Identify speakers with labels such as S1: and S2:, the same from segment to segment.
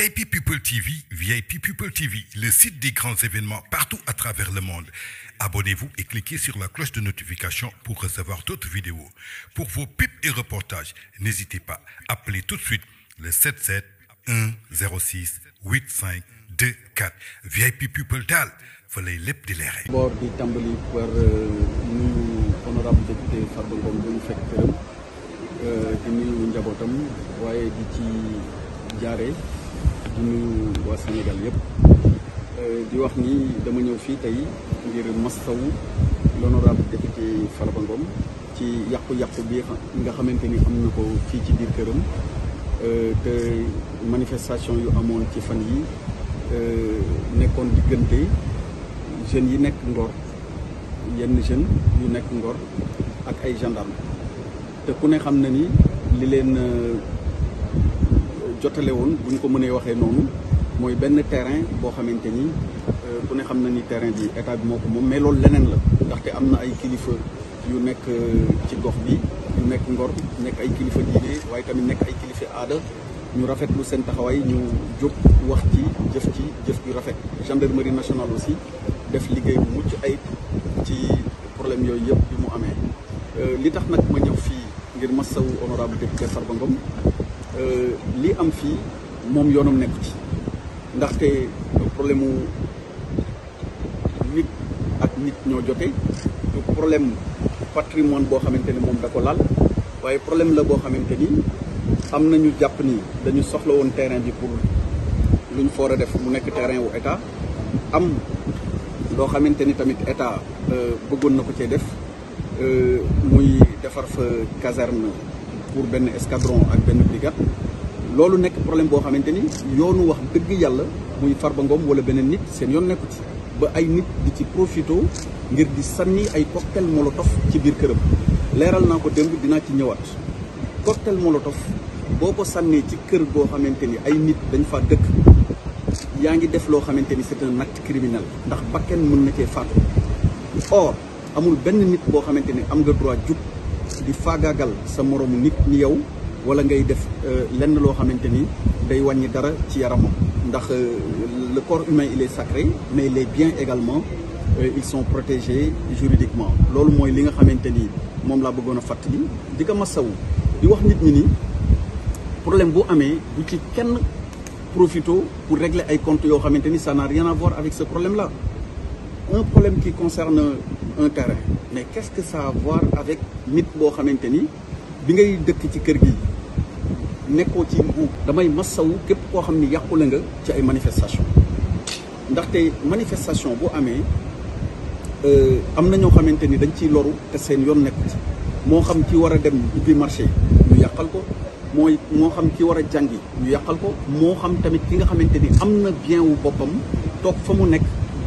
S1: VIP People TV, VIP People TV, le site des grands événements partout à travers le monde. Abonnez-vous et cliquez sur la cloche de notification pour recevoir d'autres vidéos. Pour vos pipes et reportages, n'hésitez pas, appelez tout de suite le 77 106 85 24. VIP People Dal, vous les
S2: di nuyu waa Sénégal yëpp euh, di wax ni dama ñëw fii tey ngir mastawu l'honorable député Farba ci yàqu-yàqu bi nga xamante ni am na ko fii ci biir këram euh, te manifestation yu amoon ci fan yi euh, nekkoon diggante jeunes yi nekk Ngor yenn jeunes yu nekk Ngor ak ay gendarme te ku ne xam na ni li leen jotale woon bu ñu ko mënee waxee noonu mooy benn terrain boo xamante ni euh, ku ne xam na ni terrain bi état bi moo ko moom mais loolu leneen la ndaxte am na ay kilifa yu nekk euh, ci gox bi yu nekk Ngor nekk ay kilifa diine waaye tamit nekk ay kilifa aada ñu rafetlu seen taxawaay ñu jóg wax ci jëf ci jëf ju rafet gendarmerie nationale aussi def liggéey
S1: bu mucc ay ci problème yooyu yëpp bi mu amee euh, li tax nag ma ñëw fii
S2: ngir masawu honorable député Farba Ngom li am fi moom yoonam nekk ci ndaxte problème nit ak nit ñoo jote problème patrimoine boo xamante ni moom da ko lal waaye problème la boo xamante ni am nañu jàpp ni dañu soxla woon terrain bi pour luñ foora def mu nekk terrain wu état am loo xamante ni tamit état euh, bëggoon na ko cee def euh, muy defar fa caserne pour ben escadron ak ben brigade lolou nek problème bo xamanteni yoonu wax deug yalla muy farba ngom wala benen nit sen yoon nekuti ba ay nit di ci profito ngir di sanni ay cocktail molotov ci bir kërëm leral nako demb dina ci ñëwaat cocktail molotov boko sanni ci kër go xamanteni ay nit dañ fa dëkk yaangi def lo xamanteni c'est un acte criminel ndax bakken mën na ci faatu or amul benn nit boo xamante ne am nga droit jub gis di faagaagal sa morom nit ni yow wala ngay def euh, lenn lo xamanteni day wàññi dara ci yaramam ndax euh, le corps humain il est sacré mais les biens également euh, ils sont protégés juridiquement loolu moy li nga xamanteni mom la bëggono bëggoon a fàttali di masawu di wax nit ñi ni problème bu amé bu ci kenn profito pour régler ay comptes yo xamanteni ça n'a rien à voir avec ce problème là un problème qui concerne un terrain mais qu'est-ce que ça a à voir avec nit boo xamante ni bi ngay dëkk ci kër gi nekkoo ci nguur damay massawu képp koo xam ni yàqule nga ci ay manifestation ndaxte manifestation bu amee euh, am na ñoo xamante ni dañ ciy loru te seen yoon nekku ci moo xam ki war dem ubbi marché ñu yàqal ko mooy moo xam ki war a jàngi ñu yàqal ko moo xam tamit ki nga xamante ni am na bien wu boppam toog fa nekk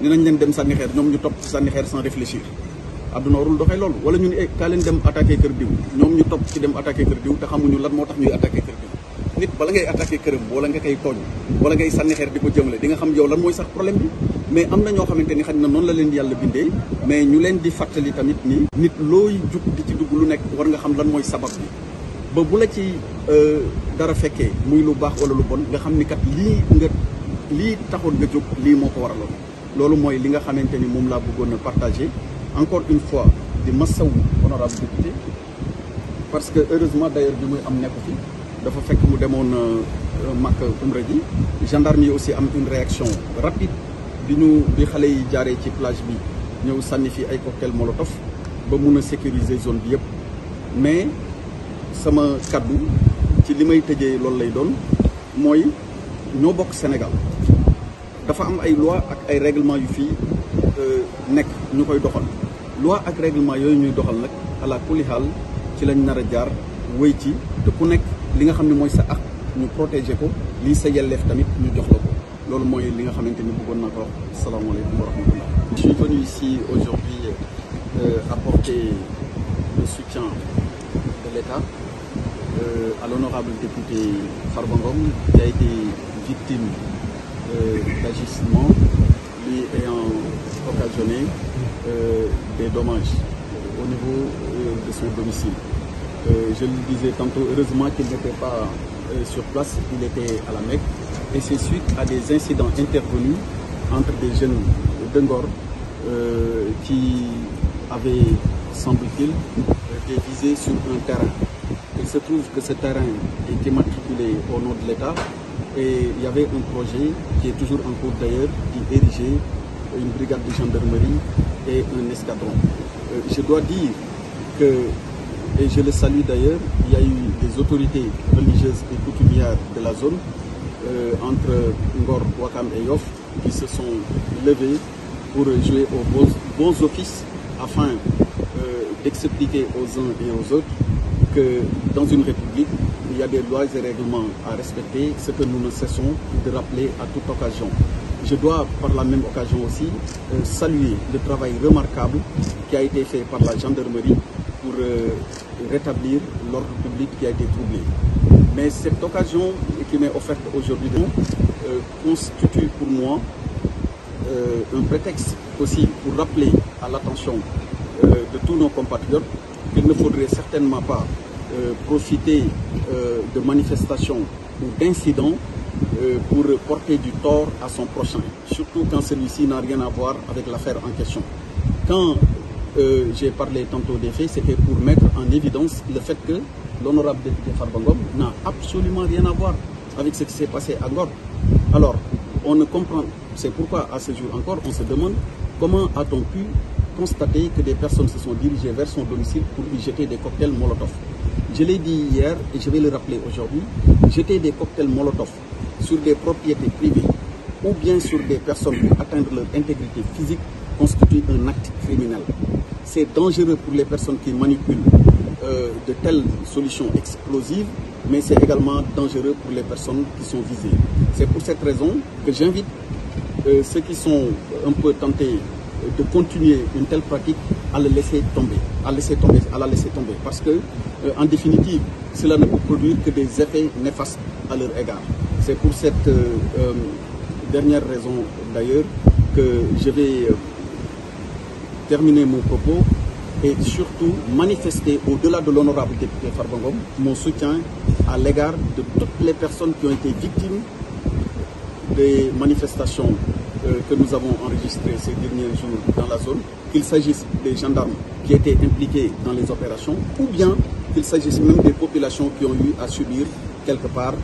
S2: ni dinañ leen dem sànni ñoom ñu topp ci sànni xeer sans réfléchir àdduna warul doxee loolu wala ñu ne eh kaa leen dem attaqué kër diw ñoom ñu topp ci dem attaqué kër diw te xamuñu lan moo tax ñuy attaqué kër diw nit bala ngay attaqué këram wala nga koy tooñ wala ngay sànni xeer di ko nga xam yow lan mooy sax problème bi mais am na ñoo xamante ni xaj na noonu la leen yàlla bindee mais ñu leen di fàttali tamit nii nit looy jug di ci dugg lu nekk war nga xam lan mooy sabab bi ba bu la ci euh, dara fekkee muy lu baax wala lu bon nga xam ni kat lii nga lii taxoon nga jóg lii moo ko waraloon loolu moy li nga xamanteni mom la bëggone partager encore une fois di masawu honorable député parce que heureusement d'ailleurs bi muy am nekku fi dafa fekk mu démon euh, Makka umra ji gendarme yi aussi am une réaction rapide bi ñu bi xalé yi jaaree ci plage bi ñeu sanni fi ay cocktail molotov ba mëna sécuriser zone bi yépp mais sama cadeau ci limay may tëjee lay doon moy ñoo bok Sénégal dafa am ay loi ak ay règlement yu fi euh, nekk ñu koy doxal loi ak règlement yoy ñuy doxal nak ala kulli hal ci lañ nara jaar wéy ci te ku nek li nga xam moy sa ak ñu protéger ko li sa yelleef tamit ñu jox la ko loolu moy li nga xamanteni ni bëggoon naa ko wax salaamaaleykum wa rahmatullah je suis venu ici aujourd'hui euh, apporter le soutien de l'État euh, à l'honorable député Farbangom Ngom qui a été victime
S1: d'agissement euh, lui ayant occasionné euh, des dommages au niveau euh, de
S2: son domicile. je le disais tantôt, heureusement qu'il n'était pas sur place, il était à la Mecque. Et c'est suite à des incidents intervenus entre des jeunes d'un euh, qui avaient, semble-t-il, été sur un terrain. Il se trouve que ce terrain était matriculé au nom de l'État et il y avait un projet qui est toujours en cours d'ailleurs, qui érigeait une brigade de gendarmerie et un escadron. Euh, je dois dire que, et je le salue d'ailleurs, il y a eu des autorités religieuses et coutumières de la zone, euh, entre Ngor, Wakam et Yoff, qui se sont levées pour jouer aux bons, offices afin euh, d'expliquer aux uns et aux autres que dans une république, il y a des lois et règlements à respecter, ce que nous ne cessons de rappeler à toute occasion. Je dois par la même occasion aussi euh, saluer le travail remarquable qui a été fait par la gendarmerie pour euh, rétablir l'ordre public qui a été troublé. Mais cette occasion qui m'est offerte aujourd'hui euh, constitue pour moi un prétexte aussi pour rappeler à l'attention de tous nos compatriotes qu'il ne faudrait certainement pas euh, profiter euh, de manifestations ou d'incidents euh, pour porter du tort à son prochain, surtout quand celui-ci n'a rien à voir avec l'affaire en question. Quand j'ai parlé tantôt des faits, c'était pour mettre en évidence le fait que l'honorable député Farbangom n'a absolument rien à voir avec ce qui s'est passé à Gord. Alors, on ne comprend, c'est pourquoi à ce jour encore, on se demande comment a-t-on pu constater que des personnes se sont dirigées vers son domicile pour lui jeter des cocktails Molotov. Je l'ai dit hier et je vais le rappeler aujourd'hui, jeter des cocktails Molotov sur des propriétés privées ou bien sur des personnes pour atteindre leur intégrité physique constitue un acte criminel. C'est dangereux pour les personnes qui manipulent euh, de telles solutions explosives, mais c'est également dangereux pour les personnes qui sont visées. C'est pour cette raison que j'invite euh, ceux qui sont un peu tentés de continuer une telle pratique à le laisser tomber, à laisser tomber, à la laisser tomber, parce que euh, en définitive, cela ne peut produire que des effets néfastes à leur égard. C'est pour cette euh, euh, dernière raison d'ailleurs que je vais terminer mon propos et surtout manifester au-delà de l'honorable député Farbangom mon soutien à l'égard de toutes les personnes qui ont été victimes des manifestations que nous avons enregistrées ces derniers jours dans la zone, qu'il s'agisse des gendarmes qui étaient impliqués dans les opérations ou bien qu'il s'agisse même des populations qui ont eu à subir quelque part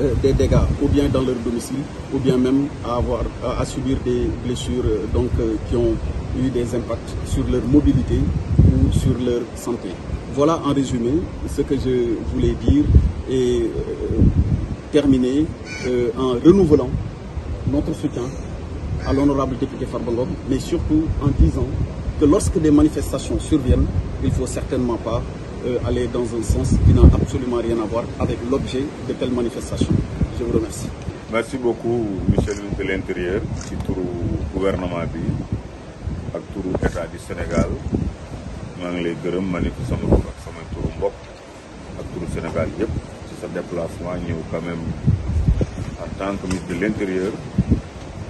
S2: euh, des dégâts, ou bien dans leur domicile, ou bien même à, avoir, à, subir des blessures euh, donc, euh, qui ont eu des impacts sur leur mobilité ou sur leur santé. Voilà en résumé ce que je voulais dire et terminer en renouvelant notre soutien à l'honorable député Farbangom, mais surtout en disant que lorsque des manifestations surviennent, il ne faut certainement pas euh, aller dans un sens qui n'a absolument rien à voir avec l'objet de telle manifestation.
S1: Je vous remercie. Merci beaucoup, Michel ministre de l'Intérieur, ci le gouvernement bi ak turu état du Sénégal Je vous remercie de sama tur ak sama Sénégal yëpp ci sa déplacement est quand même en tant que ministre de l'Intérieur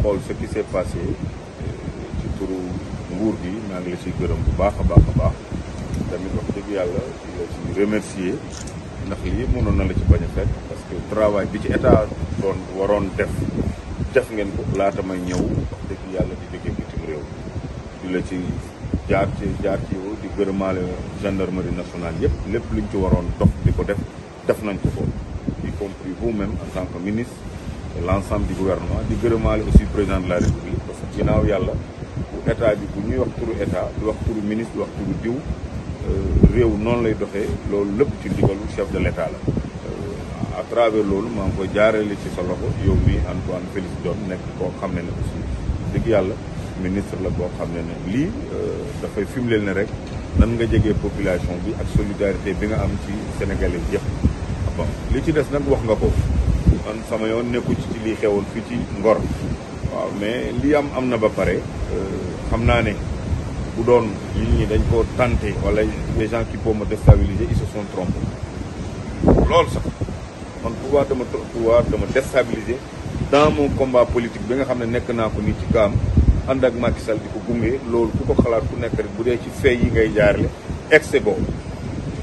S1: xool ce qui s'est passé euh, ci tout le monde, maa ngi la de bu baax a tamit wax dëgg yàlla di la ci remercier ndax lii mënoon na la ci bañ a fekk parce que travail bi ci état doon waroon def def ngeen ko laata may ñëw wax dëgg yàlla di jógee bitim réew di la ci jaar ci jaar ci yow di gërëmaale gendarmerie nationale yépp lépp luñ ci waroon dox di ko def def nañ ko ko y compris vous même en tant que ministre et du gouvernement di gërëmaale aussi président de la république parce que ginnaaw yàlla état bi bu ñuy wax turu état di wax turu ministre di wax turu diw réew noonu lay doxee loolu lépp ci ndigalu chef de l'état la à travers loolu maa ngi koy jaarale ci sa loxo yow mi Antoine Félix Diome nekk koo xam ne ne aussi dëgg yàlla ministre la boo xam ne ne lii dafay firndeel ne rek nan nga jegee population bi ak solidarité bi nga am ci sénégalais yëpp bon li ci des nag wax nga ko man sama yoon nekku ci ci lii xewoon fii ci Ngor waaw mais li am am na ba pare xam naa ne bu doon nit ñi dañ ko tenté walla les gens qui peuvent me déstabiliser ils se sont sax man pouvoir dama pouvoir dama destabiliser dans mon combat politique bi nga xam ne nekk naa ko nii ci kaam ànd ak Macky Sall di ko gunge loolu ku ko xalaat ku nekk bu dee ci fee yi ngay jaarale excès boobu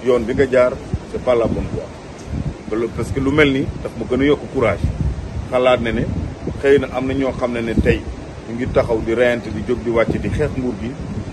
S1: yoon bi nga jaar c'est pas la bonne voie parce que lu mel ni daf ma gën a yokk courage xalaat ne ne xëy na am na ñoo xam ne ne tey mu ngi taxaw di reyante di jóg di wàcc di xeex nguur gi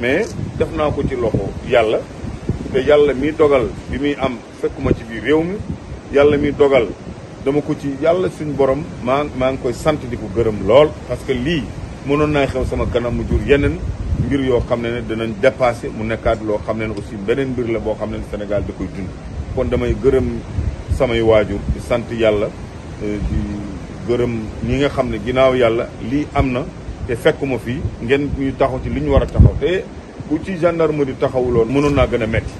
S1: mais def naa ko ci loxo yàlla te yàlla mi dogal bi muy am fekkuma ci biir réew mi yàlla mi dogal dama ko ci yàlla suñu borom maa maa ngi koy sant di ko gërëm lool. parce que lii mënoon naa xew sama kanam mu jur yeneen mbir yoo xam ne ne danañ dépassé mu nekkaat loo xam ne ne aussi beneen mbir la boo xam ne Sénégal di koy dund. kon damay gërëm samay waajur di sant yàlla euh, di gërëm ñi nga xam ne ginnaaw yàlla lii am na. te fekkuma fii ngeen ñu taxaw ci li ñu war a taxaw te bu ci di taxawuloon mënoon naa gën a métti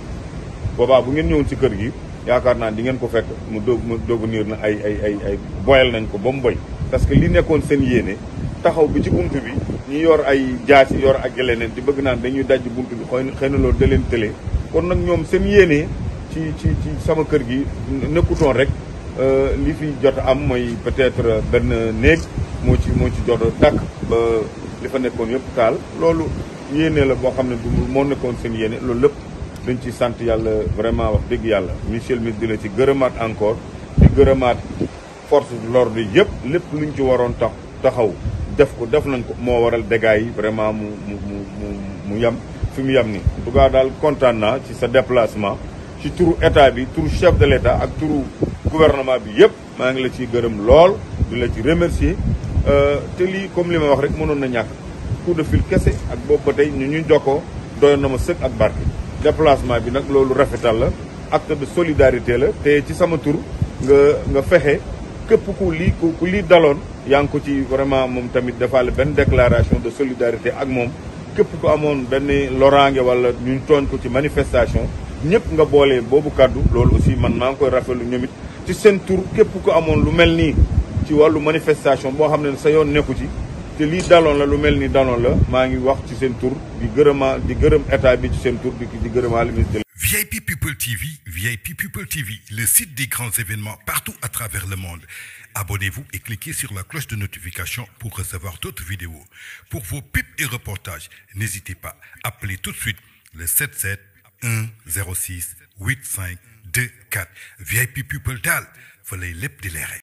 S1: boobaa bu ngeen ñëwoon ci kër gi yaakaar naa di ngeen ko fekk mu dog mu devenir na ay ay ay ay boyal nañ ko ba mu boy parce que li nekkoon seen yéene taxaw bi ci bunt bi ñu yor ay jaasi yor ak leneen di bëgg naan dañuy daj bunt bi xëy xëy na loolu da leen tëlee kon nag ñoom seen yéene ci ci ci sama kër gi nekkutoon rek li eh, fi jot am moy peut-être ben neeg mo ci mo ci jot tak ba eh, li fa nekkon yep taal lolou yene la bo xamne du mo nekkon seen yene lolou lepp dañ ci sante yalla vraiment wax deug yalla monsieur le ministre dina ci gëreumat encore di gëreumat force l'ordre yep lepp luñ ci waron tax taxaw def ko def nañ ko mo waral dégâts yi vraiment mu mu mu mu, mu yam fi mu yam ni duga dal contant na ci sa déplacement ci turu état bi turu chef de l'état ak turu gouvernement bi yëpp maa ngi la ciy gërëm lool di la ci remercier euh, te lii comme li ma wax rek mënoon na ñàkk coup de fil kese ak boobu ba tey ñu ñu jokkoo doyoon na ma sëkk ak barke déplacement bi nag loolu rafetal la acte de solidarité la te ci sama tur nga nga fexe képp ku lii ku lii daloon yaa ngi ko ci vraiment moom tamit defaale benn déclaration de solidarité ak moom képp ku amoon benn loraange wala ñu tooñ ko ci manifestation ñëpp nga boole boobu kàddu loolu aussi man maa ngi koy rafetlu ñoom it ci tour tur képp ku amoon lu mel nii ci wàllu manifestation boo xam ne sa yoon nekku ci te lii daloon la lu mel ni daloon la maa ngi wax ci seen tour di gërëmaa di gërëm état bi ci seen tour di di gërëmaa le VIP People TV, VIP People TV, le site des grands événements partout à travers le monde. Abonnez-vous et cliquez sur la cloche de notification pour recevoir d'autres vidéos. Pour vos pips et reportages, n'hésitez pas, appelez tout de suite le 77 106 85 2 4 VIP people daal fa lay lépp di leere